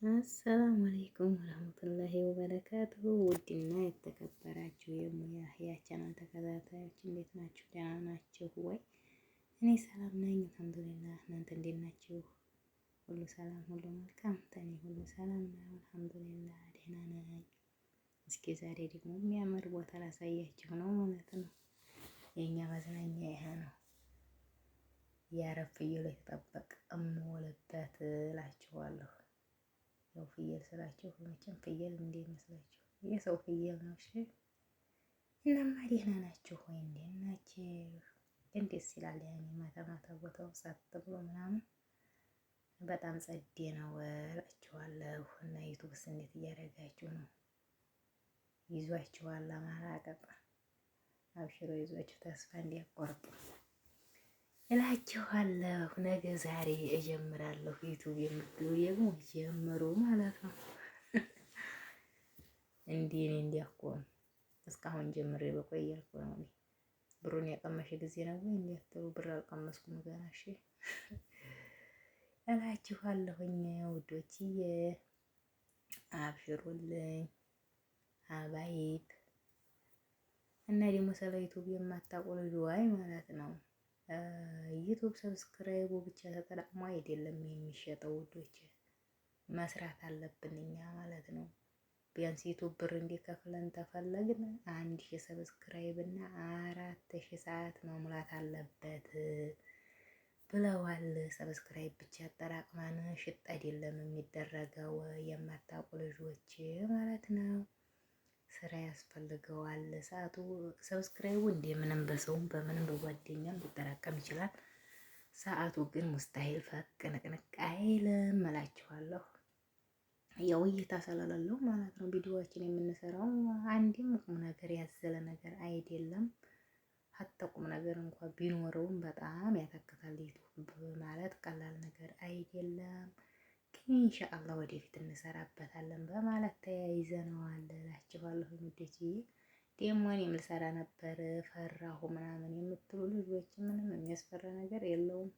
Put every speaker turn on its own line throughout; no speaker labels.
Assalamualaikum warahmatullahi wabarakatuh. Udin naik tekuk beracu ya mulah ya channel tak ada tahu sendok macu channel macu Ini salam naik makan dulu lah nanti di macu. Hulu salam hulu makan tanya hulu salam naik makan dulu lah di nane ya, lah. Meski zari di mana ni amar buat alas ayah cuma nama tu no. Ini apa ya Ya, ya, ya Rafiul Hikam እንዳይመስላችሁ። መቼም ፍየል እንዳይመስላችሁ የሰው ፍየል ነው። እሺ እናማ ደህና ናችሁ ወይ? እንዴት ናችሁ? ግን ይላል። ያኔ ማታ ማታ ቦታው ሳት ብሎ ምናምን በጣም ጸዴ ነው እላችኋለሁ። እና ዩቱብስ እንዴት እያደረጋችሁ ነው? ይዟችኋል። አማራ ቀጥ አብሽሮ ይዟችሁ ተስፋ እንዲያቆርጡ እላችኋለሁ። ነገ ዛሬ እጀምራለሁ ዩቱብ የምትሉ ደግሞ ጀምሩ ማለት ነው። እንዲህ እኔ እንዲያ እኮ ነው እስካሁን ጀምሬ በቆየ እኮ ነው። ብሩን ያቀመሽ ጊዜ ነው ወይ እንዲያትሩ ብር አልቀመስኩም ገና። እሺ እላችኋለሁኝ ውዶችዬ፣ አብሽሩልኝ አባይት እና ደግሞ ስለ ዩቱብ የማታውቁ ልጅ ዋይ ማለት ነው ዩቱብ ሰብስክራይቡ ብቻ ተጠራቅሞ አይደለም የሚሸጠው ውዶች፣ መስራት አለብን እኛ ማለት ነው። ቢያንስ ዩቱብ ብር እንዲከፍለን ተፈለግን አንድ ሺህ ሰብስክራይብ እና አራት ሺህ ሰዓት መሙላት አለበት ብለዋል። ሰብስክራይብ ብቻ አጠራቅማን ሽጥ አይደለም የሚደረገው የማታውቁ ልጆች ማለት ነው። ስራ ያስፈልገዋል። ሰዓቱ ሰብስክራይቡ እንደምንም በሰውም በምንም በጓደኛም ሊጠራቀም ይችላል። ሰዓቱ ግን ሙስታሂል ንቅንቅ አይልም እላችኋለሁ። ያው እይታ ስለሌለው ማለት ነው። ቪዲዮዎችን የምንሰራው አንድም ቁም ነገር ያዘለ ነገር አይደለም። ሀታ ቁም ነገር እንኳ ቢኖረውም በጣም ያተክታል። ዩቱብ ማለት ቀላል ነገር አይደለም። ኢንሻአላህ ወደፊት እንሰራበታለን በማለት ተያይዘነዋል እላችኋለሁ። እንዴት ይሄ ደግሞ እኔም ልሰራ ነበር ፈራሁ ምናምን የምትሉ ልጆች ምንም የሚያስፈራ ነገር የለውም።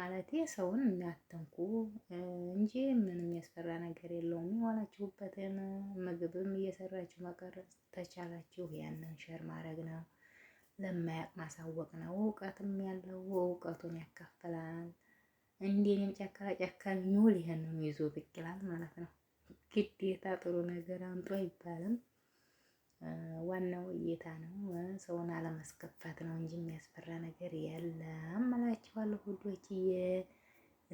ማለት ሰውን የሚያተንኩ እንጂ ምንም የሚያስፈራ ነገር የለውም። የዋላችሁበትን ምግብም እየሰራችሁ መቀረጽ ተቻላችሁ ያንን ሸር ማድረግ ነው፣ ለማያውቅ ማሳወቅ ነው። እውቀትም ያለው እውቀቱን ያካፍላል። እንደኔም ጨከራ ጨካ የሚውል ይሄንን ይዞ ብቅ ይላል ማለት ነው። ግዴታ ጥሩ ነገር አምጡ አይባልም። ዋናው እይታ ነው። ሰውን አለማስከፋት ነው እንጂ የሚያስፈራ ነገር የለም እላችኋለሁ ውዶችዬ።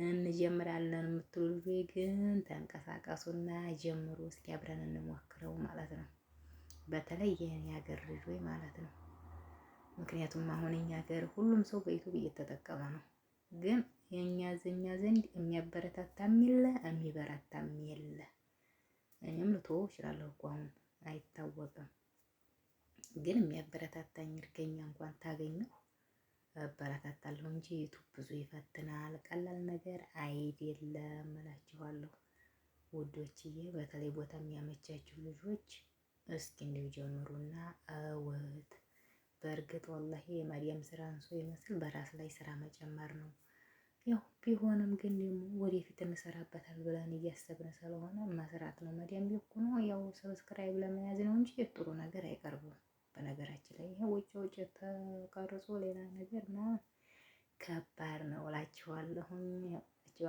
እንጀምራለን የምትሉ ልጆች ግን ተንቀሳቀሱና ጀምሩ። እስኪ አብረን እንሞክረው ማለት ነው። በተለይ ይህን የሀገር ልጆች ማለት ነው። ምክንያቱም አሁን እኛ ሀገር ሁሉም ሰው በዩቱብ እየተጠቀመ ነው ግን የኛ ዘኛ ዘንድ የሚያበረታታም የለ የሚበረታም የለ። እኔም ልተወው እችላለሁ እኮ አሁን አይታወቅም፣ ግን የሚያበረታታኝ እርገኛ እንኳን ታገኘሁ አበረታታለሁ እንጂ ዩቱብ ብዙ ይፈትናል። ቀላል ነገር አይደለም እላችኋለሁ ውዶችዬ። በተለይ ቦታ የሚያመቻችሁ ልጆች እስኪ እንዲሁ ጀምሩና እውት በእርግጥ ወላሂ የማዲያም ስራ አንሶ ይመስል በራስ ላይ ስራ መጨመር ነው። ያው ቢሆንም ግን ደግሞ ወደፊት እንሰራበታል ብለን እያሰብን ስለሆነ መስራት ነው። መዲያም ልኩ ነው። ያው ሰብስክራይብ ለመያዝ ነው እንጂ ጥሩ ነገር አይቀርብም። በነገራችን ላይ ይሄ ውጭ ውጭ ተቀርጾ ሌላ ነገር ነው፣ ከባድ ነው እላችኋለሁኝ።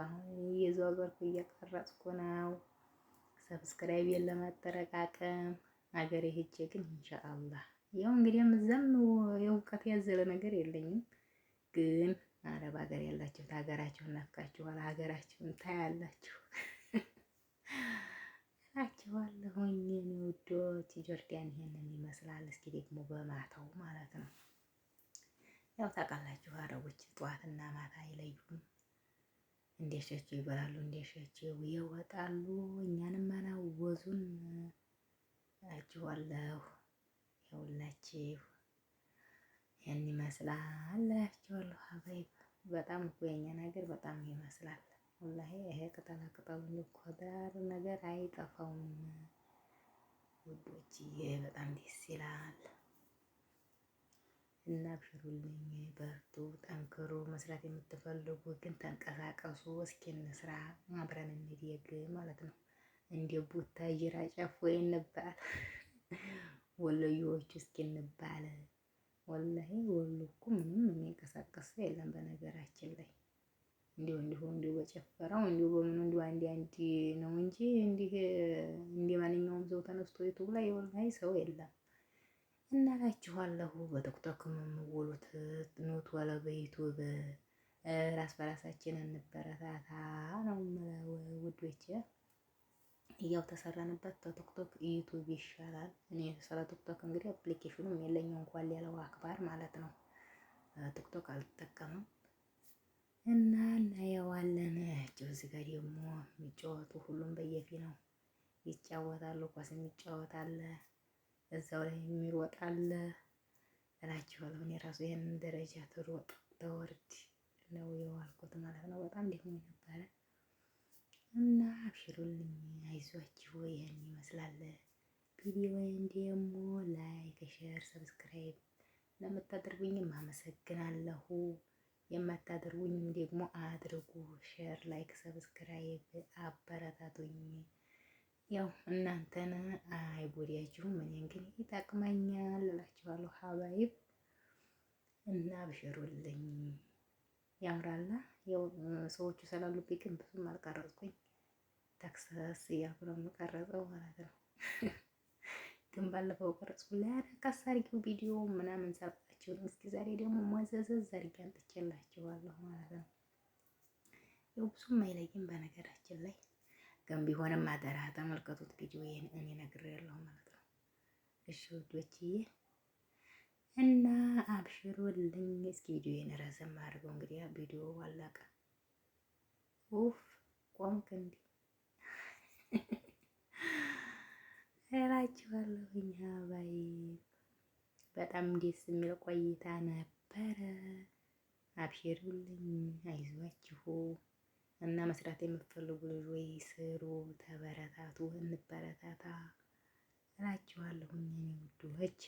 አሁን እየዘዋወርኩ እየቀረጽኩ ነው ሰብስክራይብ የለመጠረቃቀም አገሬ ሄጄ ግን ኢንሻአላህ ያው እንግዲህ ምዘም የእውቀት ያዘለ ነገር የለኝም ግን አረባ ሀገራችሁን ናፍቃችኋል። ሀገራችሁን ታያላችሁ እላችኋለሁኝ ውዶች። ጆርዳን ይሄንን ይመስላል። እስኪ ደግሞ በማታው ማለት ነው ያው ታውቃላችሁ አረቦች ጠዋትና ማታ አይለዩም። እንደ ሸቸው ይበላሉ፣ እንደ ሸቸው ይወጣሉ። እኛንም አላወዙን እላችኋለሁ። ይኸውላችሁ ይህን ይመስላል እላችኋለሁ ሀባይብ በጣም እኮ የኛን ሀገር በጣም ይመስላል። ወላሂ ይሄ ቅጠላ ቅጠሉ እኮ ዳር ነገር አይጠፋውም ውዶች፣ ይሄ በጣም ደስ ይላል። እና ብሽሩልኝ፣ በርቱ፣ ጠንክሩ። መስራት የምትፈልጉ ግን ተንቀሳቀሱ። እስኪ እንስራ፣ አብረን እንደግ ማለት ነው። እንደ ቡታ ጅራ ወይ እንባል ወሎዬዎቹ እስኪ እንባል ወላሂ ወሎ እኮ ምንም የሚንቀሳቀስ የለም። በነገራችን ላይ እንዲሁ እንዲሁ እንዲሁ በጨፈረው እንዲሁ በምኑ እንዲሁ አንድ አንድ ነው እንጂ እንዲህ እንዲህ ማንኛውም ሰው ተነስቶ ዩቱብ ላይ ወላሂ ሰው የለም። እናላችኋለሁ በቲክቶክ የምወሉት ኑት ወለ በዩቱብ ራስ በራሳችን እንበረታታ ነው ውዶቼ። ያው ተሰራንበት በቲክቶክ ዩቱብ ይሻላል። እኔ ስለ ቲክቶክ እንግዲህ አፕሊኬሽኑም የለኝ እንኳን ሌላው አክባር ማለት ነው። ቲክቶክ አልጠቀምም እና እናየዋለን። እጭው እዚህ ጋር ደግሞ የሚጫወቱ ሁሉም በየፊ ነው ይጫወታሉ። ኳስ የሚጫወት እዛው ላይ የሚሮጥ አለ እላችኋለሁ። እኔ ራሱ ይህንን ደረጃ ትሮጥ ተወርድ ነው የዋልኩት ማለት ነው። በጣም ደክሞኝ ነበረ። እና አብሽሩልኝ፣ አይዟችሁ። ይህን ይመስላል ቪዲዮውን። ደግሞ ላይክ፣ ሼር፣ ሰብስክራይብ ለምታደርጉኝም አመሰግናለሁ። የማታደርጉኝም ደግሞ አድርጉ። ሼር፣ ላይክ፣ ሰብስክራይብ አበረታቱኝ። ያው እናንተን አይጎዳችሁም፣ እኔን ግን ይጠቅመኛል እላችኋለሁ ሀባይብ እና አብሽሩልኝ። ያምራላ። ያው ሰዎቹ ስላሉብኝ ግን ብዙም አልቀረጽኩኝ። ተክሰስ እያልኩ ነው የምቀረጸው ማለት ነው። ግን ባለፈው ቀረጽኩ ላይ አዳካስ አድርጊው ቪዲዮ ምናምን ሳብጣችሁ ነው። እስኪ ዛሬ ደግሞ ማዘዘዝ አድርጌ አምጥቼላችኋለሁ ማለት ነው። ያው ብዙም አይለይም በነገራችን ላይ ግን ቢሆንም አደራ ተመልከቱት ቪዲዮ ይህን እኔ ነግሬያለሁ ማለት ነው። እሺ ውዶችዬ እና አብሽሩልኝ እስኪ ቪዲዮን ረዘም አድርገው እንግዲህ ቪዲዮ አላቀ ኡፍ ቆምክ እንዲ እላችኋለሁኝ። ባይ በጣም ደስ የሚል ቆይታ ነበረ። አብሽሩልኝ፣ አይዟችሁ እና መስራት የምትፈልጉ ወይ ስሩ፣ ተበረታቱ፣ እንበረታታ እላችኋለሁኝ ውዶች።